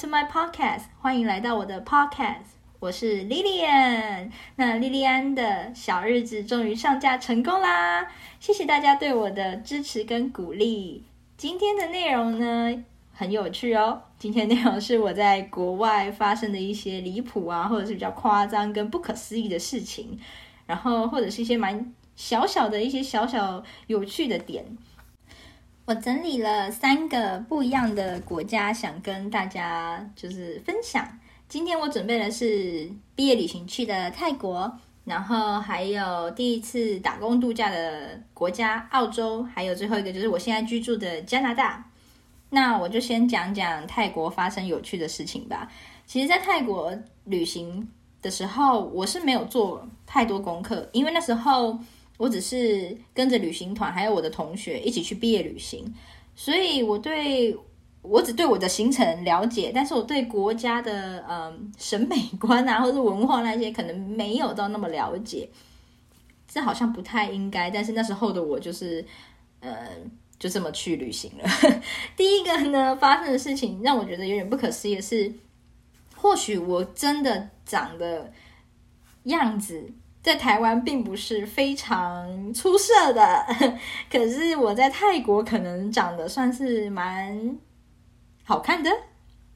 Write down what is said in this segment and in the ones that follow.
To my podcast，歡迎來到我的 podcast，我是莉莉安。那莉莉安的小日子終於上架成功啦！謝謝大家對我的支持跟鼓勵。今天的內容呢，很有趣哦。今天內容是我在國外發生的一些離譜啊，或者是比較誇張跟不可思議的事情，然後或者是一些蠻小小的一些小小有趣的點。我整理了三個不一樣的國家，想跟大家就是分享。今天我準備的是畢業旅行去的泰國，然後還有第一次打工度假的國家澳洲，還有最後一個就是我現在居住的加拿大。那我就先講講泰國發生有趣的事情吧。其實，在泰國旅行的時候，我是沒有做太多功課，因為那時候。我只是跟着旅行團，還有我的同學一起去畢業旅行，所以我對我只對我的行程了解，但是我對國家的嗯、呃、審美觀啊，或者文化那些可能沒有到那麼了解，這好像不太應該，但是那時候的我就是嗯、呃，就這麼去旅行了。 第一個呢，發生的事情讓我覺得有點不可思議的是，或許我真的長的樣子。在台灣並不是非常出色的，可是我在泰國可能長得算是蠻好看的。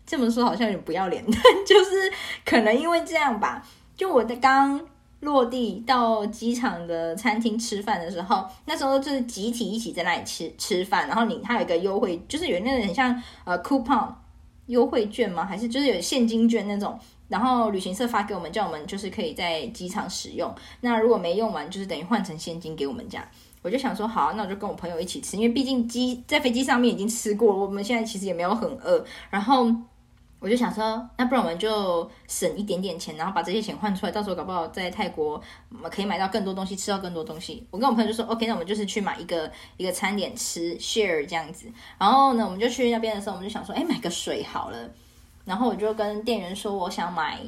這麼說好像有點不要臉的，就是可能因為這樣吧。就我在剛落地到機場的餐廳吃飯的時候，那時候就是集體一起在那裡吃吃飯，然後你還有一個優惠，就是有那個很像呃 coupon 優惠券嗎？還是就是有現金券那種？然後旅行社發給我們，叫我們就是可以在機場使用。那如果沒用完，就是等於換成現金給我們這樣。我就想說，好啊，那我就跟我朋友一起吃，因為畢竟機在飛機上面已經吃過了，我們現在其實也沒有很餓。然後我就想說，那不然我們就省一點點錢，然後把這些錢換出來，到時候搞不好在泰國可以買到更多東西，吃到更多東西。我跟我朋友就說，OK，那我們就是去買一個一個餐點吃，share 這樣子。然後呢，我們就去那邊的時候，我們就想說，哎，買個水好了。然後我就跟店員說，我想買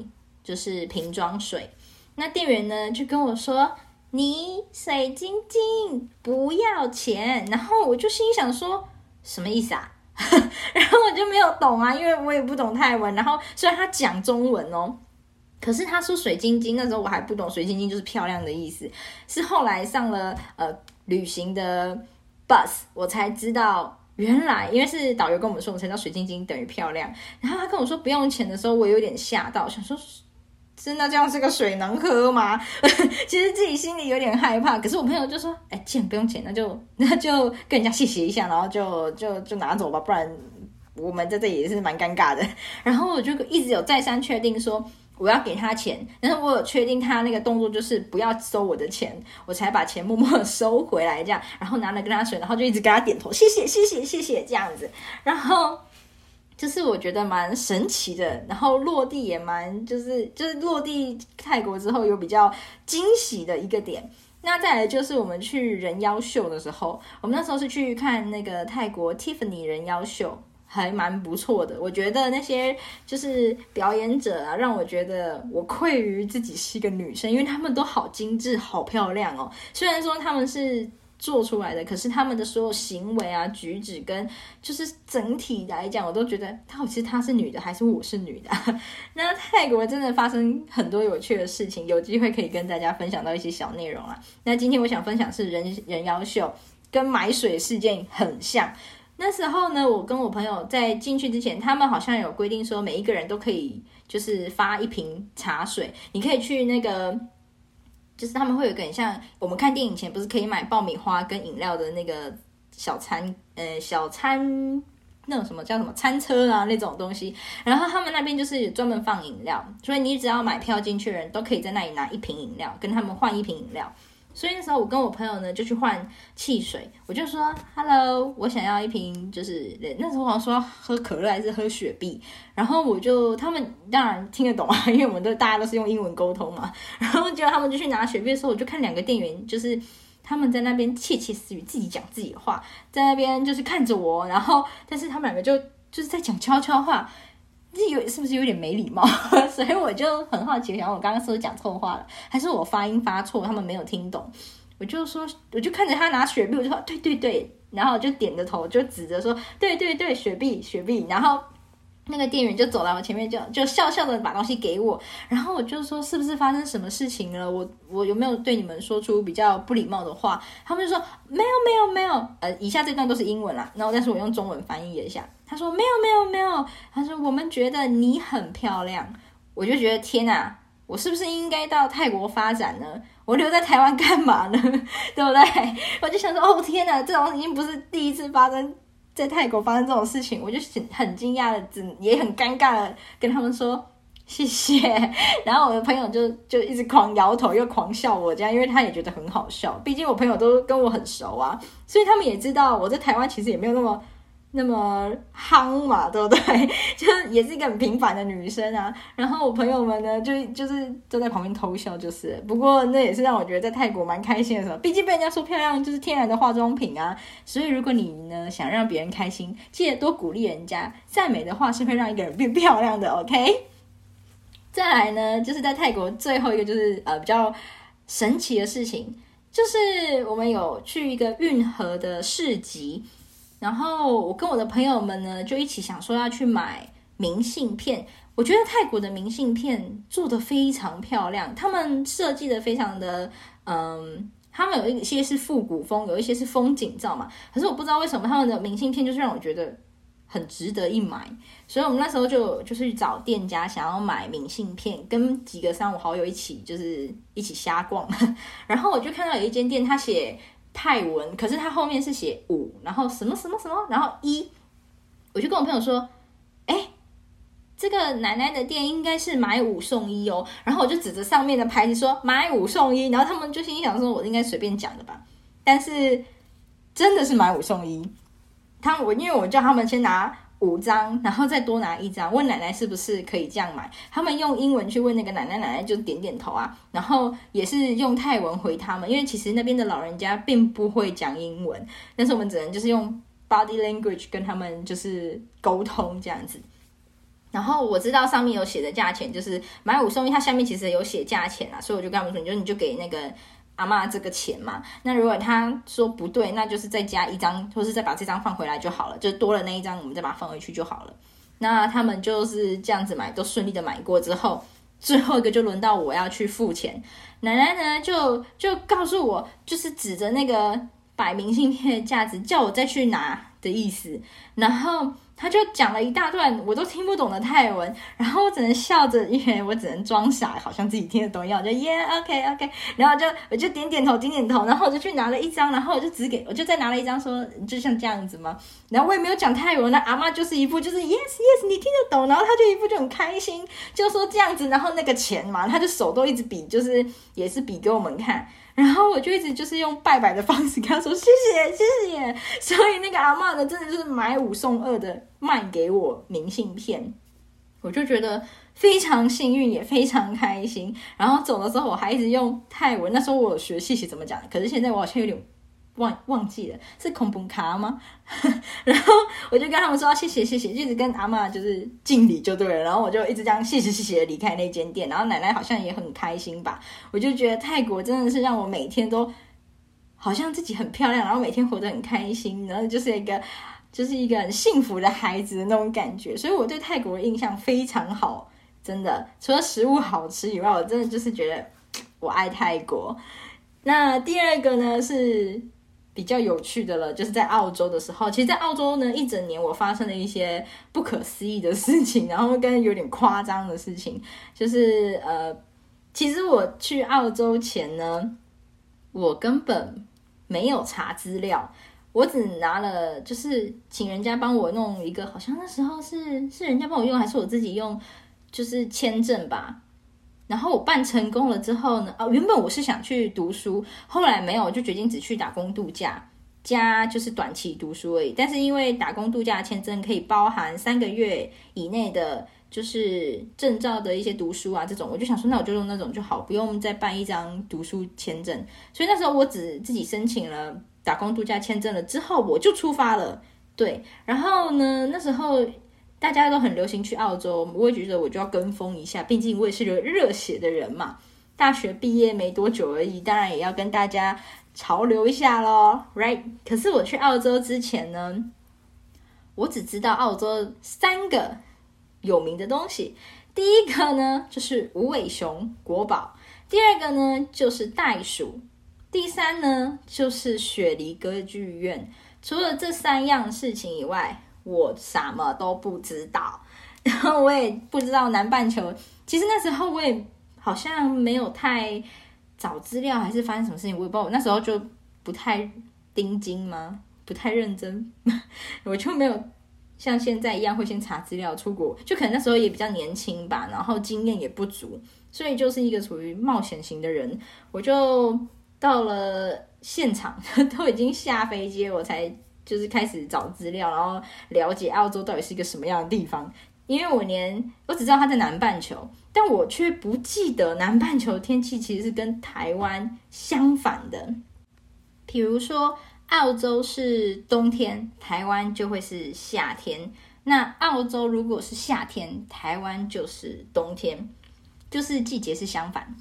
就是瓶裝水。那店員呢就跟我說：“你水晶晶不要錢。”然後我就心想說：“什麼意思啊？” 然後我就沒有懂啊，因為我也不懂泰文。然後雖然他講中文哦，可是他說“水晶晶”，那時候我還不懂，“水晶晶”就是漂亮的意思。是後來上了呃旅行的 bus，我才知道。原來，因為是導遊跟我們說，我才知道水晶晶等於漂亮。然後他跟我說不用錢的時候，我有點嚇到，想說真的這樣這個水能喝嗎？ 其實自己心裡有點害怕。可是我朋友就說：“哎、欸，既然不用錢，那就那就跟人家謝謝一下，然後就就就拿走吧，不然我們在這也是蠻尷尬的。”然後我就一直有再三確定說。我要給他錢，但是我有確定他那個動作就是不要收我的錢，我才把錢默默的收回來，這樣，然後拿了跟他選，然後就一直給他點頭，謝謝，謝謝，謝謝，這樣子，然後就是我覺得蠻神奇的，然後落地也蠻就是就是落地泰國之後有比較驚喜的一個點，那再來就是我們去人妖秀的時候，我們那時候是去看那個泰國 Tiffany 人妖秀。還蠻不錯的，我覺得那些就是表演者啊，讓我覺得我愧於自己是一個女生，因為他們都好精緻、好漂亮哦。雖然說他們是做出來的，可是他們的所有行為啊、舉止跟就是整體來講，我都覺得，他其實她是女的，還是我是女的啊？那泰國真的發生很多有趣的事情，有機會可以跟大家分享到一些小內容啊。那今天我想分享是人人妖秀，跟買水事件很像。那時候呢，我跟我朋友在進去之前，他們好像有規定說，每一個人都可以就是發一瓶茶水，你可以去那個，就是他們會有一個很像我們看電影前不是可以買爆米花跟飲料的那個小餐呃小餐那種什麼叫什麼餐車啊那種東西，然後他們那邊就是專門放飲料，所以你只要買票進去的人都可以在那裡拿一瓶飲料，跟他們換一瓶飲料。所以那時候我跟我朋友呢，就去換汽水，我就說 “Hello”，我想要一瓶，就是那時候好像說喝可樂還是喝雪碧，然後我就他們當然聽得懂啊，因為我們都大家都是用英文溝通嘛。然後結果他們就去拿雪碧的時候，我就看兩個店員，就是他們在那邊竊竊私語，自己講自己的話，在那邊就是看着我，然後但是他們兩個就就是在講悄悄話。有是不是有點沒禮貌？ 所以我就很好奇，想我剛剛是不是講錯話了，還是我發音發錯，他們沒有聽懂？我就說，我就看着他拿雪碧，我就說對對對，然後就點着頭，就指着說對對對，雪碧雪碧。然後那個店員就走到我前面就，就就笑笑的把東西給我。然後我就說是不是發生什麼事情了？我我有沒有對你們說出比較不禮貌的話？他們就說沒有沒有沒有。呃，以下這段都是英文啦，然後但是我用中文翻譯一下。他說沒有沒有沒有，他說我們覺得你很漂亮，我就覺得天哪、啊，我是不是應該到泰國發展呢？我留在台灣幹嘛呢？ 對不對？我就想說哦天哪，這種已經不是第一次發生在泰國發生這種事情，我就很驚訝的，也很尷尬的跟他們說謝謝。 然後我的朋友就就一直狂搖頭又狂笑我這樣，因為他也覺得很好笑，畢竟我朋友都跟我很熟啊，所以他們也知道我在台灣其實也沒有那麼。那麼夯嘛，對不對？就是也是一個很平凡的女生啊。然後我朋友們呢，就就是都在旁邊偷笑，就是。不過那也是讓我覺得在泰國蠻開心的時候。畢竟被人家說漂亮就是天然的化妝品啊。所以如果你呢，想讓別人開心，記得多鼓勵人家，讚美的話是會讓一個人變漂亮的。OK。再來呢，就是在泰國最後一個就是呃比較神奇的事情，就是我們有去一個運河的市集。然後我跟我的朋友們呢，就一起想說要去買明信片。我覺得泰國的明信片做得非常漂亮，他們設計得非常的，嗯，他們有一些是復古風，有一些是風景照嘛。可是我不知道為什麼他們的明信片就是讓我覺得很值得一買，所以我們那時候就就是去找店家想要買明信片，跟幾個三五好友一起就是一起瞎逛。然後我就看到有一間店，他寫。泰文，可是它後面是寫五，然後什麼什麼什麼，然後一，我就跟我朋友說，哎，這個奶奶的店應該是買五送一哦，然後我就指着上面的牌子說買五送一，然後他們就心想說我應該隨便講的吧，但是真的是買五送一，他我因為我叫他們先拿。五張，然後再多拿一張，問奶奶是不是可以這樣買。他們用英文去問那個奶奶，奶奶就點點頭啊。然後也是用泰文回他們，因為其實那邊的老人家並不會講英文，但是我們只能就是用 body language 跟他們就是溝通這樣子。然後我知道上面有寫的價錢，就是買五送一，它下面其實有寫價錢啊，所以我就跟他們說，你就你就給那個，阿媽這個錢嘛，那如果他說不對，那就是再加一張，或是再把這張放回來就好了，就多了那一張，我們再把它放回去就好了。那他們就是這樣子買，都順利的買過之後，最後一個就輪到我要去付錢。奶奶呢，就就告訴我，就是指着那個擺明信片的架子，叫我再去拿的意思。然後。他就講了一大段我都聽不懂的泰文，然後我只能笑著，因為我只能裝傻，好像自己聽得懂一樣，我就耶、yeah，OK OK，然後就我就點點頭點點頭，然後我就去拿了一張，然後我就指給，我就再拿了一張說，就像這樣子嘛，然後我也沒有講泰文，那阿嬤，就是一副就是 yes yes 你聽得懂，然後他就一副就很開心，就說這樣子，然後那個錢嘛，他就手都一直比，就是也是比給我們看，然後我就一直就是用拜拜的方式跟他說謝謝謝謝，所以那個阿嬤呢，真的就是買五送二的。賣給我明信片，我就覺得非常幸運，也非常開心。然後走的時候，我還一直用泰文。那時候我有學謝謝怎麼講，可是現在我好像有點忘忘記了，是空不卡嗎？ 然後我就跟他們說謝謝謝謝，就一直跟阿媽就是敬禮就對了。然後我就一直這樣謝謝謝謝的離開那間店。然後奶奶好像也很開心吧。我就覺得泰國真的是讓我每天都好像自己很漂亮，然後每天活得很開心，然後就是一個。就是一個很幸福的孩子的那種感覺，所以我對泰國的印象非常好，真的。除了食物好吃以外，我真的就是覺得我愛泰國。那第二個呢是比較有趣的了，就是在澳洲的時候，其實，在澳洲呢一整年我發生了一些不可思議的事情，然後跟有點誇張的事情，就是呃，其實我去澳洲前呢，我根本沒有查資料。我只拿了，就是請人家幫我弄一個，好像那時候是是人家幫我用，還是我自己用，就是簽證吧。然後我辦成功了之後呢，啊，原本我是想去讀書，後來沒有，就決定只去打工度假，加就是短期讀書而已。但是因為打工度假簽證可以包含三個月以內的。就是證照的一些讀書啊，這種我就想說，那我就用那種就好，不用再辦一張讀書簽證。所以那時候我只自己申請了打工度假簽證了，之後我就出發了。對，然後呢，那時候大家都很流行去澳洲，我也覺得我就要跟風一下，畢竟我也是個熱血的人嘛。大學畢業沒多久而已，當然也要跟大家潮流一下咯，right？可是我去澳洲之前呢，我只知道澳洲三個有名的東西，第一個呢就是無尾熊、國寶，第二個呢就是袋鼠，第三呢就是雪梨歌劇院。除了這三樣事情以外，我什麼都不知道。然後我也不知道南半球。其實那時候我也好像沒有太找資料，還是發生什麼事情，我也不知道。我那時候就不太盯緊嗎？不太認真， 我就沒有。像現在一樣，會先查資料出國，就可能那時候也比較年輕吧，然後經驗也不足，所以就是一個處於冒險型的人。我就到了現場，都已經下飛機，我才就是開始找資料，然後了解澳洲到底是一個什麼樣的地方。因為我連我只知道它在南半球，但我卻不記得南半球天氣其實是跟台灣相反的，比如說。澳洲是冬天，台灣就會是夏天。那澳洲如果是夏天，台灣就是冬天，就是季節是相反。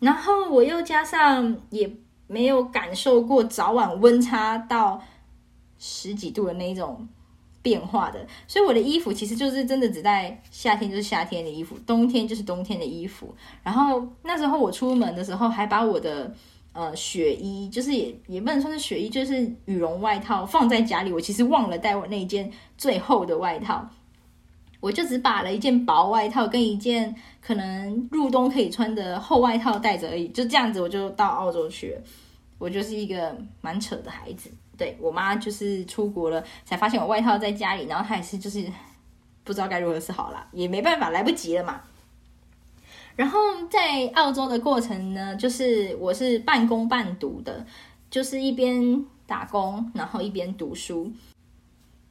然後我又加上也沒有感受過早晚溫差到十幾度的那一種變化的，所以我的衣服其實就是真的只帶夏天，就是夏天的衣服，冬天就是冬天的衣服。然後那時候我出門的時候還把我的。呃、嗯，雪衣就是也也不能算是雪衣，就是羽絨外套放在家裡。我其實忘了帶我那件最厚的外套，我就只把了一件薄外套跟一件可能入冬可以穿的厚外套帶着而已。就這樣子，我就到澳洲去了。我就是一個蠻扯的孩子，對我媽就是出國了才發現我外套在家裡，然後她也是就是不知道該如何是好啦，也沒辦法，來不及了嘛。然後在澳洲的過程呢，就是我是半工半讀的，就是一邊打工，然後一邊讀書。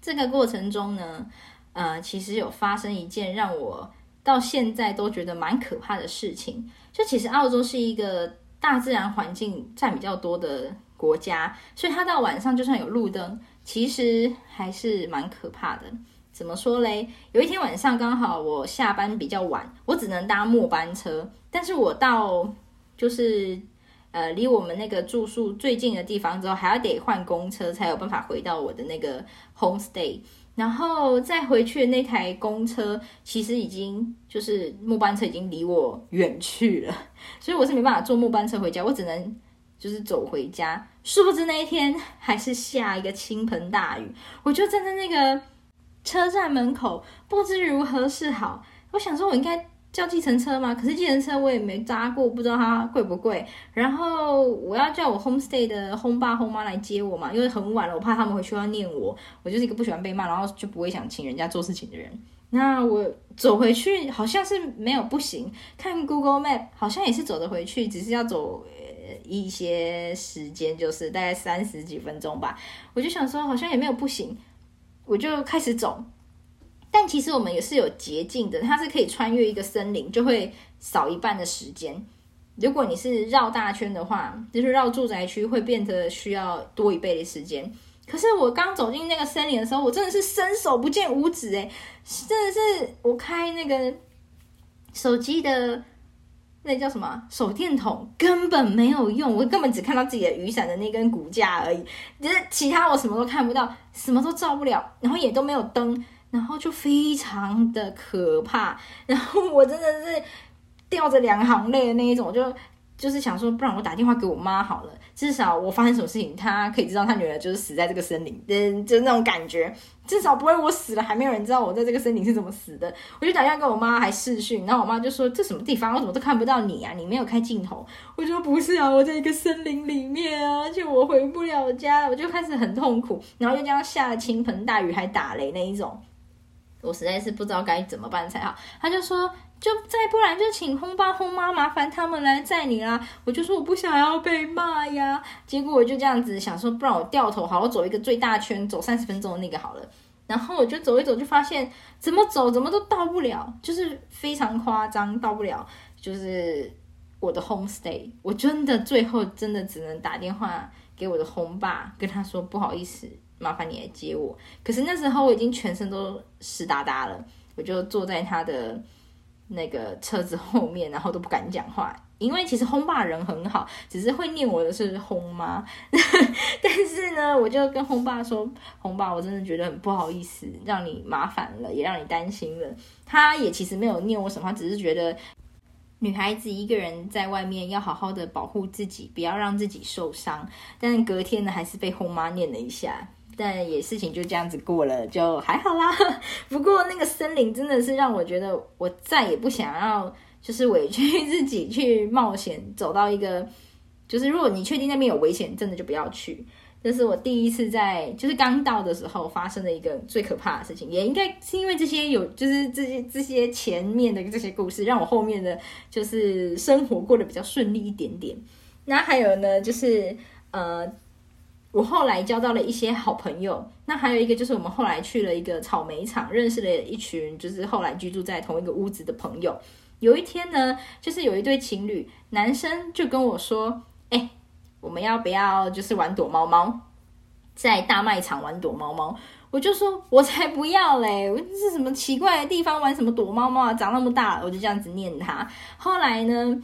這個過程中呢，呃，其實有發生一件讓我到現在都覺得蠻可怕的事情。就其實澳洲是一個大自然環境占比較多的國家，所以它到晚上就算有路燈，其實還是蠻可怕的。怎麼說嘞？有一天晚上剛好我下班比較晚，我只能搭末班車。但是我到就是呃離我們那個住宿最近的地方之後，還要得換公車才有辦法回到我的那個 home stay。然後再回去的那台公車其實已經就是末班車已經離我遠去了，所以我是沒辦法坐末班車回家，我只能就是走回家。殊不知那一天還是下一個傾盆大雨，我就站在那個。車站門口不知如何是好，我想說，我應該叫計程車嗎？可是計程車我也沒搭過，不知道它貴不貴。然後我要叫我 homestay 的 Home 爸 Home 媽來接我嘛，因為很晚了，我怕他們回去要念我。我就是一個不喜歡被罵，然後就不會想請人家做事情的人。那我走回去好像是沒有不行，看 Google Map 好像也是走得回去，只是要走、呃、一些時間，就是大概三十幾分鐘吧。我就想說，好像也沒有不行。我就開始走，但其實我們也是有捷徑的，它是可以穿越一個森林，就會少一半的時間。如果你是繞大圈的話，就是繞住宅區，會變得需要多一倍的時間。可是我剛走進那個森林的時候，我真的是伸手不見五指誒，真的是我開那個手機的。那叫什麼手電筒根本沒有用，我根本只看到自己的雨傘的那根骨架而已，就是其他我什麼都看不到，什麼都照不了，然後也都沒有燈，然後就非常的可怕，然後我真的是掉着兩行淚的那一種，就就是想說，不然我打電話給我媽好了，至少我發生什麼事情，她可以知道她女兒就是死在這個森林的，就是那種感覺。至少不會我死了還沒有人知道我在這個森林是怎麼死的。我就打電話給我媽還視訊，然後我媽就說，這什麼地方？我怎麼都看不到你啊？你沒有開鏡頭。我說不是啊，我在一個森林裡面啊，而且我回不了家，我就開始很痛苦，然後又這樣下了傾盆大雨還打雷那一種。我實在是不知道該怎麼辦才好，他就說，就再不然就請轟爸轟媽麻煩他們來載你啦。我就說我不想要被罵呀，結果我就這樣子想說，不然我掉頭好，我走一個最大圈，走三十分鐘的那個好了。然後我就走一走，就發現怎麼走怎麼都到不了，就是非常誇張到不了，就是我的 home stay。我真的最後真的只能打電話給我的轟爸，跟他說不好意思。麻煩你來接我。可是那時候我已經全身都濕噠噠了，我就坐在他的那個車子後面，然後都不敢講話，因為其實轟爸人很好，只是會念我的是轟媽。 但是呢，我就跟轟爸說：“轟爸，我真的覺得很不好意思，讓你麻煩了，也讓你擔心了。”他也其實沒有念我什麼，只是覺得女孩子一個人在外面要好好的保護自己，不要讓自己受傷。但隔天呢，還是被轟媽念了一下。但也事情就這樣子過了，就還好啦。不過那個森林真的是讓我覺得，我再也不想要就是委屈自己去冒險，走到一個就是如果你確定那邊有危險，真的就不要去。這是我第一次在就是剛到的時候發生的一個最可怕的事情，也應該是因為這些有就是這些這些前面的這些故事，讓我後面的就是生活過得比較順利一點點。那還有呢，就是呃。我後來交到了一些好朋友，那還有一個就是我們後來去了一個草莓場，認識了一群就是後來居住在同一個屋子的朋友。有一天呢，就是有一對情侶，男生就跟我說：“欸，我們要不要就是玩躲貓貓，在大賣場玩躲貓貓？”我就說：“我才不要嘞！這是什麼奇怪的地方玩什麼躲貓貓啊？長那麼大我就這樣子念他。”後來呢？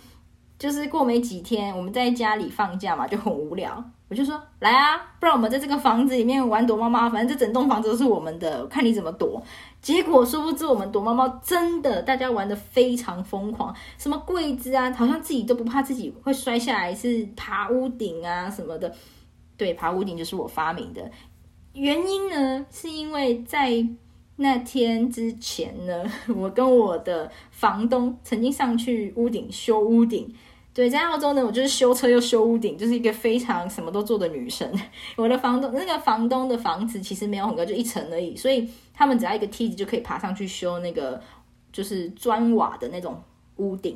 就是過沒幾天，我們在家裡放假嘛，就很無聊。我就說，來啊，不然我們在這個房子裡面玩躲貓貓。反正這整棟房子都是我們的，看你怎麼躲。結果殊不知，我們躲貓貓真的大家玩得非常瘋狂，什麼櫃子啊，好像自己都不怕自己會摔下來，是爬屋頂啊什麼的。對，爬屋頂就是我發明的。原因呢，是因為在那天之前呢，我跟我的房東曾經上去屋頂修屋頂。對，在澳洲呢，我就是修車又修屋頂，就是一個非常什麼都做的女生。 我的房東那個房東的房子其實沒有很高，就一層而已，所以他們只要一個梯子就可以爬上去修那個就是磚瓦的那種屋頂，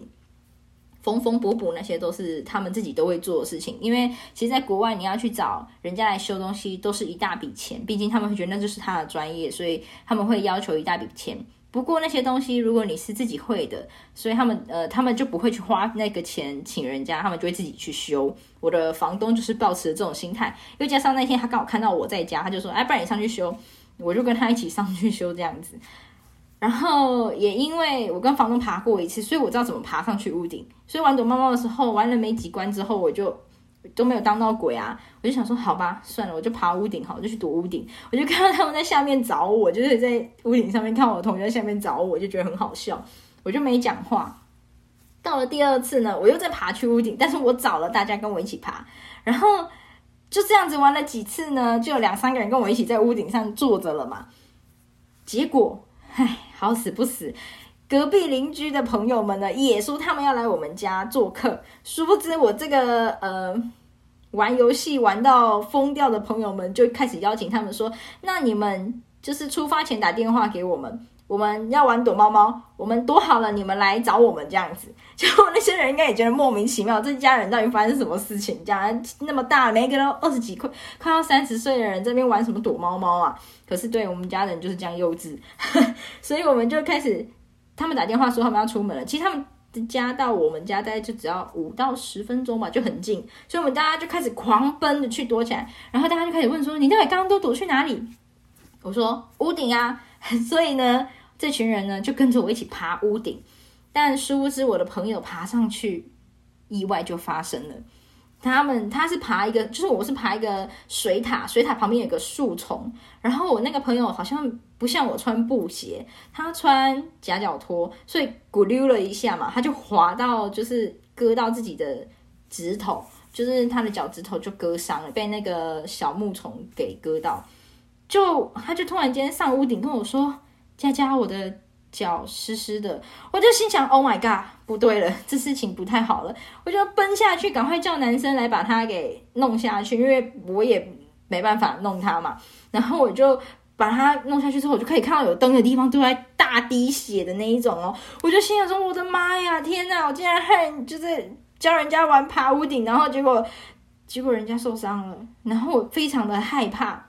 縫縫補補那些都是他們自己都會做的事情。因為其實，在國外你要去找人家來修東西，都是一大筆錢，畢竟他們會覺得那就是他的專業，所以他們會要求一大筆錢。不過那些東西，如果你是自己會的，所以他們呃，他們就不會去花那個錢請人家，他們就會自己去修。我的房東就是抱持這種心態，又加上那天他剛好看到我在家，他就說：“哎、啊，不然你上去修。”我就跟他一起上去修這樣子。然後也因為我跟房東爬過一次，所以我知道怎麼爬上去屋頂。所以玩躲貓貓的時候，玩了沒幾關之後，我就。都沒有當到鬼啊！我就想說，好吧，算了，我就爬屋頂，好，我就去躲屋頂。我就看到他們在下面找我，就是在屋頂上面看我同學，下面找我，就覺得很好笑，我就沒講話。到了第二次呢，我又再爬去屋頂，但是我找了大家跟我一起爬，然後就這樣子玩了幾次呢，就有兩三個人跟我一起在屋頂上坐着了嘛。結果，唉，好死不死。隔壁鄰居的朋友們呢，也說他們要來我們家做客。殊不知，我這個呃，玩遊戲玩到瘋掉的朋友們就開始邀請他們說：“那你們就是出發前打電話給我們，我們要玩躲貓貓，我們躲好了，你們來找我們這樣子。”結果那些人應該也覺得莫名其妙，這一家人到底發生什麼事情？家那麼大，每一個都二十幾快快到三十歲的人，在這邊玩什麼躲貓貓啊？可是對我們家人就是這樣幼稚， 所以我們就開始。他們打電話說他們要出門了，其實他們的家到我們家大概就只要五到十分鐘嘛，就很近，所以我們大家就開始狂奔的去躲起來，然後大家就開始問說：“你到底剛剛都躲去哪裡？”我說：“屋頂啊！”所以呢，這群人呢就跟着我一起爬屋頂，但殊不知我的朋友爬上去，意外就發生了。他們他是爬一個，就是我是爬一個水塔，水塔旁邊有個樹叢，然後我那個朋友好像不像我穿布鞋，他穿夾腳拖，所以咕溜了一下嘛，他就滑到，就是割到自己的指頭，就是他的腳趾頭就割傷了，被那個小木蟲給割到，就他就突然間上屋頂跟我說：“佳佳，我的。”腳濕濕的，我就心想：“Oh my god，不對了，這事情不太好了。”我就奔下去，趕快叫男生來把他給弄下去，因為我也沒辦法弄他嘛。然後我就把他弄下去之後，我就可以看到有燈的地方都在大滴血的那一種哦。我就心想說：“我的媽呀，天哪！我竟然害就是教人家玩爬屋頂，然後結果結果人家受傷了，然後我非常的害怕。”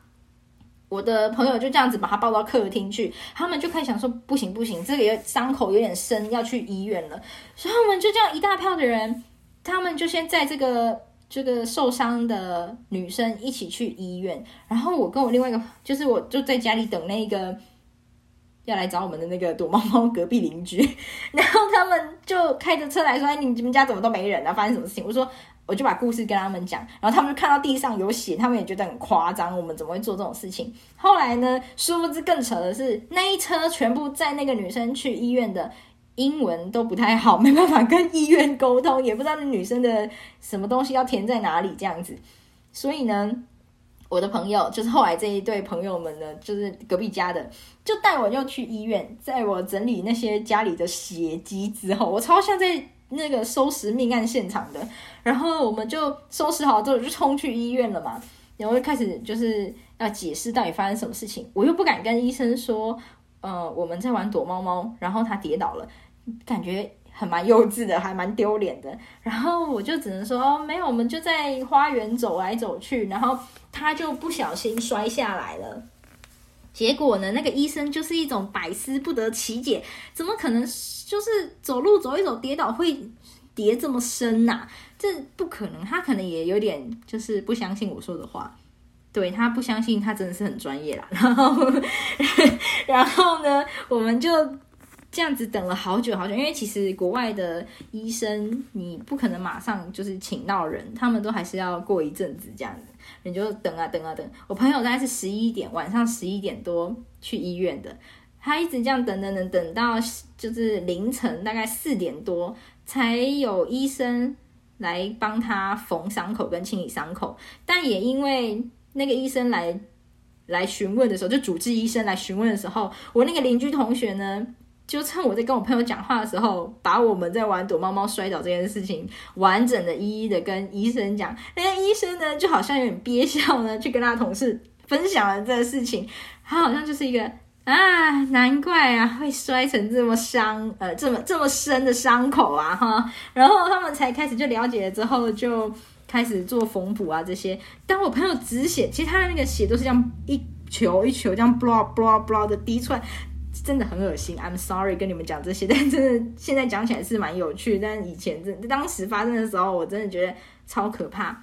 我的朋友就這樣子把他抱到客廳去，他們就開始想說：不行不行，這個傷口有點深，要去醫院了。所以，我們就這樣一大票的人，他們就先載這個這個受傷的女生一起去醫院。然後，我跟我另外一個，就是我就在家裡等那個要來找我們的那個躲貓貓隔壁鄰居。然後他們就開着車來說：“哎，你們家怎麼都沒人啊？發生什麼事情？”我說。我就把故事跟他們講，然後他們就看到地上有血，他們也覺得很誇張，我們怎麼會做這種事情？後來呢，殊不知更扯的是，那一車全部載那個女生去醫院的英文都不太好，沒辦法跟醫院溝通，也不知道那女生的什麼東西要填在哪裡這樣子。所以呢，我的朋友就是後來這一對朋友們呢，就是隔壁家的，就帶我就去醫院，在我整理那些家裡的血跡之後，我超像在。那個收拾命案現場的，然後我們就收拾好之後就衝去醫院了嘛，然後開始就是要解釋到底發生什麼事情，我又不敢跟醫生說，呃，我們在玩躲貓貓，然後他跌倒了，感覺還蠻幼稚的，還蠻丟臉的，然後我就只能說沒有，我們就在花園走來走去，然後他就不小心摔下來了，結果呢，那個醫生就是一種百思不得其解，怎麼可能？就是走路走一走，跌倒會跌這麼深吶、啊？這不可能，他可能也有點就是不相信我說的話，對，他不相信，他真的是很專業啦。然後， 然後呢，我們就這樣子等了好久好久，因為其實國外的醫生你不可能馬上就是請到人，他們都還是要過一陣子這樣子，你就等啊等啊等。我朋友大概是十一點，晚上十一點多去醫院的。他一直這樣等等等，等到就是凌晨大概四點多，才有醫生來幫他縫傷口跟清理傷口。但也因為那個醫生來來詢問的時候，就主治醫生來詢問的時候，我那個鄰居同學呢，就趁我在跟我朋友講話的時候，把我們在玩躲貓貓摔倒這件事情，完整的一一的跟醫生講。那個醫生呢，就好像有點憋笑呢，去跟他同事分享了這個事情。他好像就是一個。啊，難怪啊，會摔成這麼傷，呃，這麼這麼深的傷口啊，哈。然後他們才開始就了解了之後就開始做縫補啊這些。當我朋友止血，其實他的那個血都是這樣一球一球這樣 blah blah blah 的滴出來，真的很噁心。I'm sorry 跟你們講這些，但真的現在講起來是蠻有趣，但以前真的當時發生的時候，我真的覺得超可怕。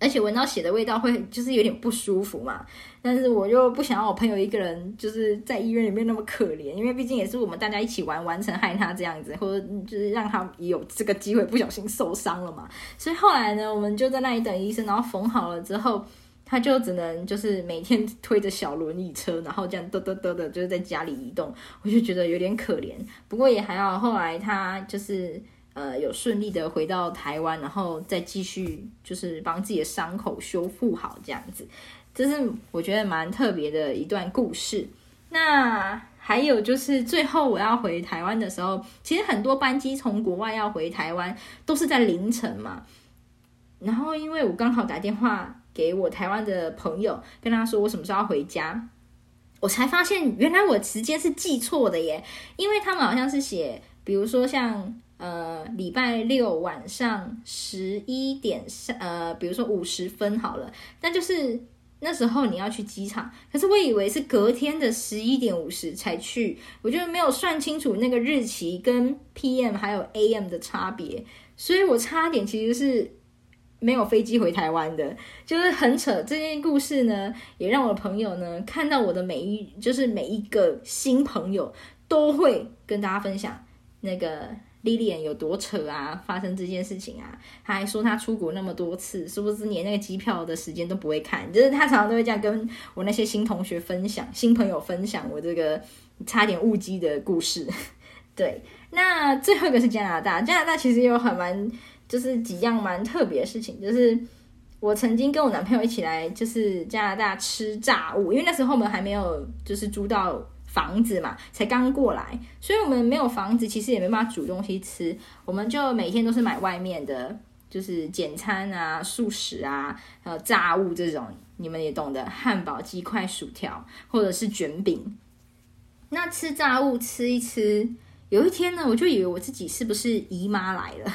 而且聞到血的味道會就是有點不舒服嘛，但是我又不想讓我朋友一個人就是在醫院裡面那麼可憐，因為畢竟也是我們大家一起玩完成害他這樣子，或者就是讓他也有這個機會不小心受傷了嘛。所以後來呢，我們就在那裡等醫生，然後縫好了之後，他就只能就是每天推着小輪椅車，然後這樣嘚嘚嘚的，就是在家裡移動。我就覺得有點可憐，不過也還好後來他就是。呃，有順利的回到台灣，然後再繼續就是幫自己的傷口修復好這樣子，這是我覺得蠻特別的一段故事。那還有就是最後我要回台灣的時候，其實很多班機從國外要回台灣都是在凌晨嘛。然後因為我剛好打電話給我台灣的朋友，跟他說我什麼時候要回家，我才發現原來我時間是記錯的耶，因為他們好像是寫，比如說像。呃，禮拜六晚上十一點三，呃，比如說五十分好了，那就是那時候你要去機場。可是我以為是隔天的十一點五十才去，我就沒有算清楚那個日期跟 PM 還有 AM 的差別，所以我差點其實是沒有飛機回台灣的，就是很扯。這件故事呢，也讓我的朋友呢看到我的每一，就是每一個新朋友都會跟大家分享那個。莉莉安有多扯啊！發生這件事情啊，他還說他出國那麼多次，是不是連那個機票的時間都不會看？就是他常常都會這樣跟我那些新同學分享、新朋友分享我這個差點誤機的故事。對，那最後一個是加拿大，加拿大其實有很蠻，就是幾樣蠻特別的事情，就是我曾經跟我男朋友一起來，就是加拿大吃炸物，因為那時候我們還沒有就是租到。房子嘛，才剛過來，所以我們沒有房子，其實也沒辦法煮東西吃，我們就每天都是買外面的，就是簡餐啊、速食啊，還有炸物這種，你們也懂得，漢堡、雞塊、薯條，或者是捲餅。那吃炸物吃一吃，有一天呢，我就以為我自己是不是姨媽來了，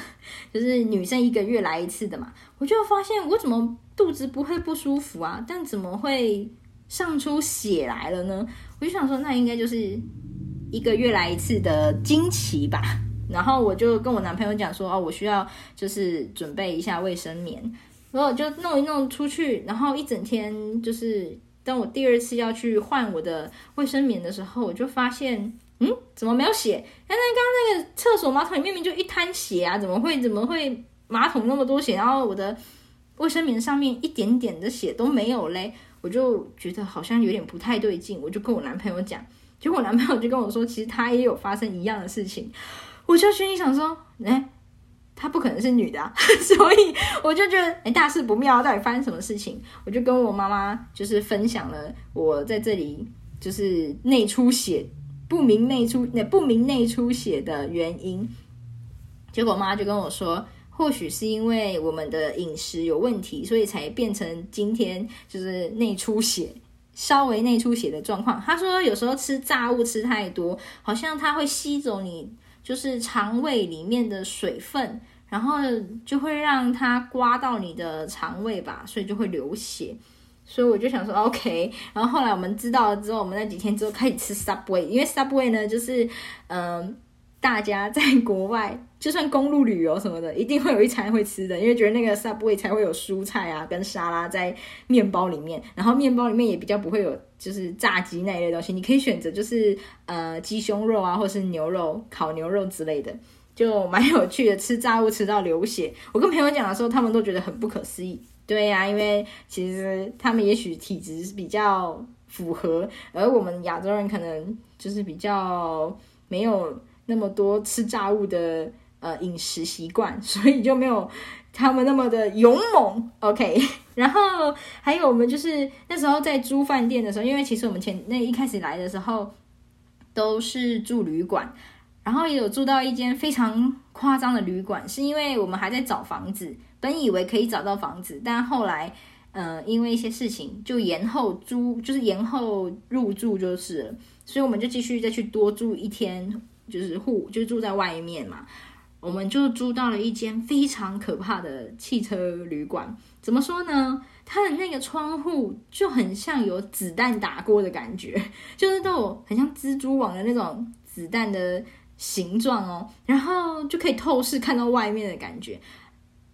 就是女生一個月來一次的嘛，我就發現我怎麼肚子不會不舒服啊，但怎麼會上出血來了呢？就想說，那應該就是一個月來一次的驚奇吧。然後我就跟我男朋友講說，哦，我需要就是準備一下衛生棉，然後我就弄一弄出去。然後一整天就是，當我第二次要去換我的衛生棉的時候，我就發現，嗯，怎麼沒有血？哎，那剛剛那個廁所馬桶裡面明明就一灘血啊，怎麼會怎麼會馬桶那麼多血？然後我的衛生棉上面一點點的血都沒有嘞。我就覺得好像有點不太對勁，我就跟我男朋友講，結果我男朋友就跟我說，其實他也有發生一樣的事情。我就心裡想說，哎、欸，他不可能是女的啊，所以我就覺得哎、欸，大事不妙啊，到底發生什麼事情？我就跟我媽媽就是分享了我在這裡就是內出血，不明內出，那不明內出血的原因，結果媽就跟我說。或許是因為我們的飲食有問題，所以才變成今天就是內出血，稍微內出血的狀況。他說有時候吃炸物吃太多，好像他會吸走你就是腸胃裡面的水分，然後就會讓它刮到你的腸胃吧，所以就會流血。所以我就想說，OK。然後後來我們知道了之後，我們那幾天之後開始吃 Subway，因為 Subway 呢就是嗯。呃大家在國外，就算公路旅遊什麼的，一定會有一餐會吃的，因為覺得那個 Subway 才會有蔬菜啊，跟沙拉在麵包裡面，然後麵包裡面也比較不會有就是炸雞那一類東西。你可以選擇就是呃雞胸肉啊，或是牛肉、烤牛肉之類的，就蠻有趣的。吃炸物吃到流血，我跟朋友講的時候，他們都覺得很不可思議。對呀，因為其實他們也許體質比較符合，而我們亞洲人可能就是比較沒有。那麼多吃炸物的呃飲食習慣，所以就沒有他們那麼的勇猛。OK，然後還有我們就是那時候在租飯店的時候，因為其實我們前那一開始來的時候都是住旅館，然後也有住到一間非常誇張的旅館，是因為我們還在找房子，本以為可以找到房子，但後來嗯、呃、因為一些事情就延後租，就是延後入住就是了，所以我們就繼續再去多住一天。就是戶，就是、住在外面嘛。我們就租到了一間非常可怕的汽車旅館。怎麼說呢？它的那個窗戶就很像有子彈打過的感覺，就是那種很像蜘蛛網的那種子彈的形狀哦。然後就可以透視看到外面的感覺，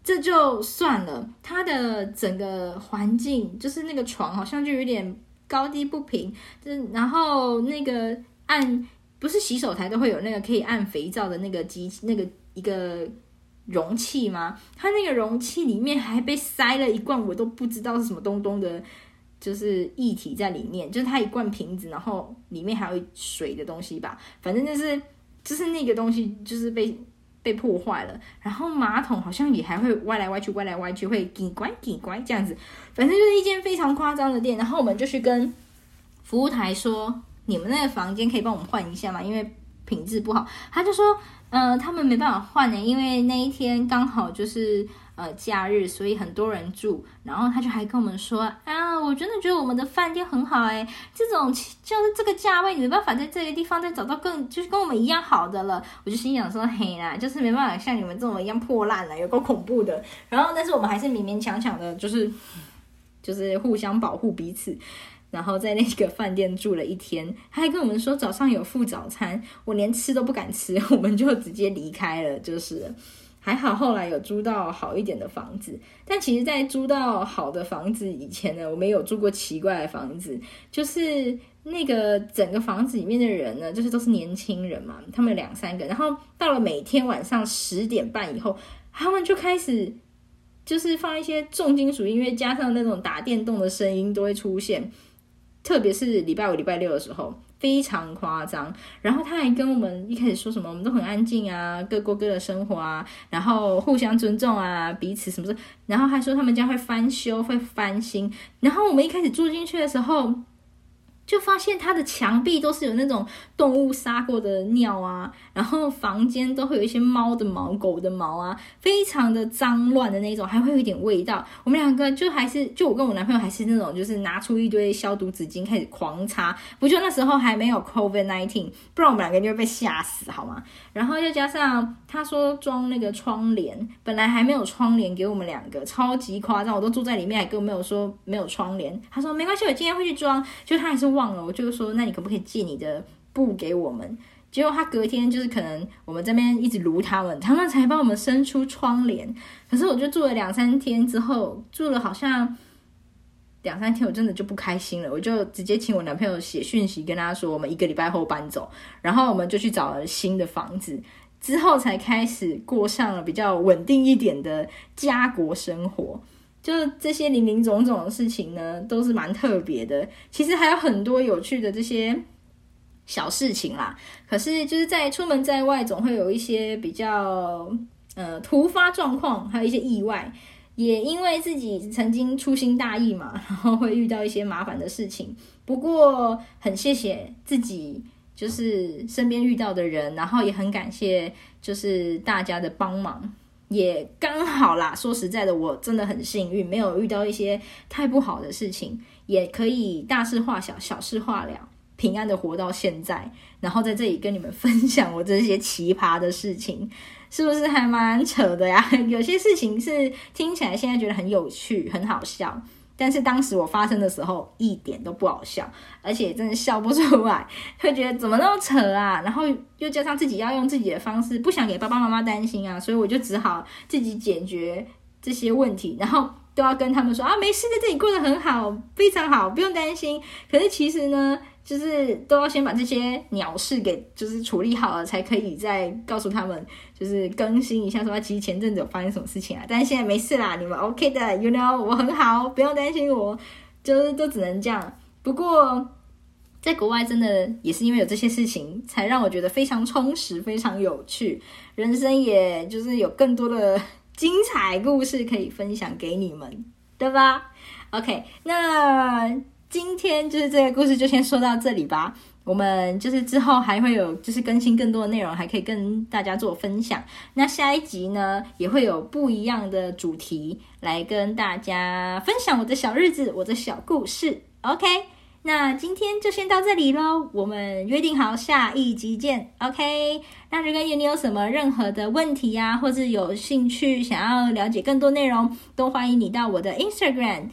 這就算了。它的整個環境，就是那個床好像就有點高低不平。這、就是、然後那個按。不是洗手台都會有那個可以按肥皂的那個機器，那個一個容器嗎？它那個容器裡面還被塞了一罐我都不知道是什麼東東的，就是液體在裡面，就是它一罐瓶子，然後裡面還有水的東西吧，反正就是就是那個東西就是被被破壞了，然後馬桶好像也還會歪來歪去，歪來歪去會頂關頂關這樣子，反正就是一間非常誇張的店，然後我們就去跟服務台說。你們那個房間可以幫我們換一下嗎？因為品質不好。他就說，嗯，呃，他們沒辦法換呢，欸。因為那一天剛好就是呃假日，所以很多人住。然後他就還跟我們說，啊，我真的覺得我們的飯店很好哎，欸，這種就是這個價位，你沒辦法在這個地方再找到更就是跟我們一樣好的了。我就心想說，嘿啦，就是沒辦法像你們這種一樣破爛了，啊，有夠恐怖的。然後，但是我們還是勉勉強強的，就是就是互相保護彼此。然後在那個飯店住了一天，他還跟我們說早上有附早餐，我連吃都不敢吃，我們就直接離開了。就是還好後來有租到好一點的房子，但其實，在租到好的房子以前呢，我們有住過奇怪的房子，就是那個整個房子裡面的人呢，就是都是年輕人嘛，他們兩三個，然後到了每天晚上十點半以後，他們就開始就是放一些重金屬音樂，加上那種打電動的聲音都會出現。特別是禮拜五、禮拜六的時候，非常誇張。然後他還跟我們一開始說什麼，我們都很安靜啊，各過各的生活啊，然後互相尊重啊，彼此什麼什麼。然後還說他們家會翻修，會翻新。然後我們一開始住進去的時候。就發現他的牆壁都是有那種動物撒過的尿啊，然後房間都會有一些貓的毛、狗的毛啊，非常的髒亂的那種，還會有一點味道。我們兩個就還是就我跟我男朋友還是那種，就是拿出一堆消毒紙巾開始狂擦。不就那時候還沒有 COVID-19，不然我們兩個就會被嚇死好嗎？然後又加上他說裝那個窗簾，本來還沒有窗簾給我們兩個，超級誇張，我都住在裡面，還跟我沒有說沒有窗簾。他說沒關係，我今天會去裝。就他還是忘。我就說，那你可不可以借你的布給我們？結果他隔天就是可能我們這邊一直盧他們，他們才幫我們伸出窗簾。可是我就住了兩三天之後，住了好像兩三天，我真的就不開心了。我就直接請我男朋友寫訊息跟他說，我們一個禮拜後搬走。然後我們就去找了新的房子，之後才開始過上了比較穩定一點的家國生活。就是這些零零總總的事情呢，都是蠻特別的。其實還有很多有趣的這些小事情啦。可是就是在出門在外，總會有一些比較呃突發狀況，還有一些意外。也因為自己曾經粗心大意嘛，然後會遇到一些麻煩的事情。不過很謝謝自己，就是身邊遇到的人，然後也很感謝就是大家的幫忙。也剛好啦。說實在的，我真的很幸運，沒有遇到一些太不好的事情，也可以大事化小，小事化了，平安的活到現在。然後在這裡跟你們分享我這些奇葩的事情，是不是還蠻扯的呀？有些事情是聽起來現在覺得很有趣，很好笑。但是當時我發生的時候一點都不好笑，而且真的笑不出來，會覺得怎麼那麼扯啊！然後又加上自己要用自己的方式，不想給爸爸媽媽擔心啊，所以我就只好自己解決這些問題，然後都要跟他們說啊，沒事，在這裡過得很好，非常好，不用擔心。可是其實呢？就是都要先把這些鳥事給就是處理好了，才可以再告訴他們，就是更新一下說，其實前陣子有發生什麼事情啊，但是現在沒事啦，你們 OK 的，You know，我很好，不用擔心我。就是都只能這樣。不過在國外，真的也是因為有這些事情，才讓我覺得非常充實、非常有趣。人生也就是有更多的精彩故事可以分享給你們，對吧？OK，那。今天就是這個故事，就先說到這裡吧。我們就是之後還會有，就是更新更多的內容，還可以跟大家做分享。那下一集呢，也會有不一樣的主題來跟大家分享我的小日子，我的小故事。OK，那今天就先到這裡嘍。我們約定好下一集見。OK，那如果有你有什麼任何的問題呀、啊，或是有興趣想要了解更多內容，都歡迎你到我的 Instagram。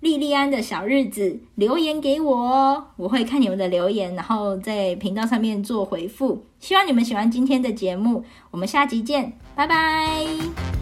莉莉安的小日子留言給我哦，我會看你們的留言，然後在頻道上面做回覆。希望你們喜歡今天的節目，我們下集見，拜拜。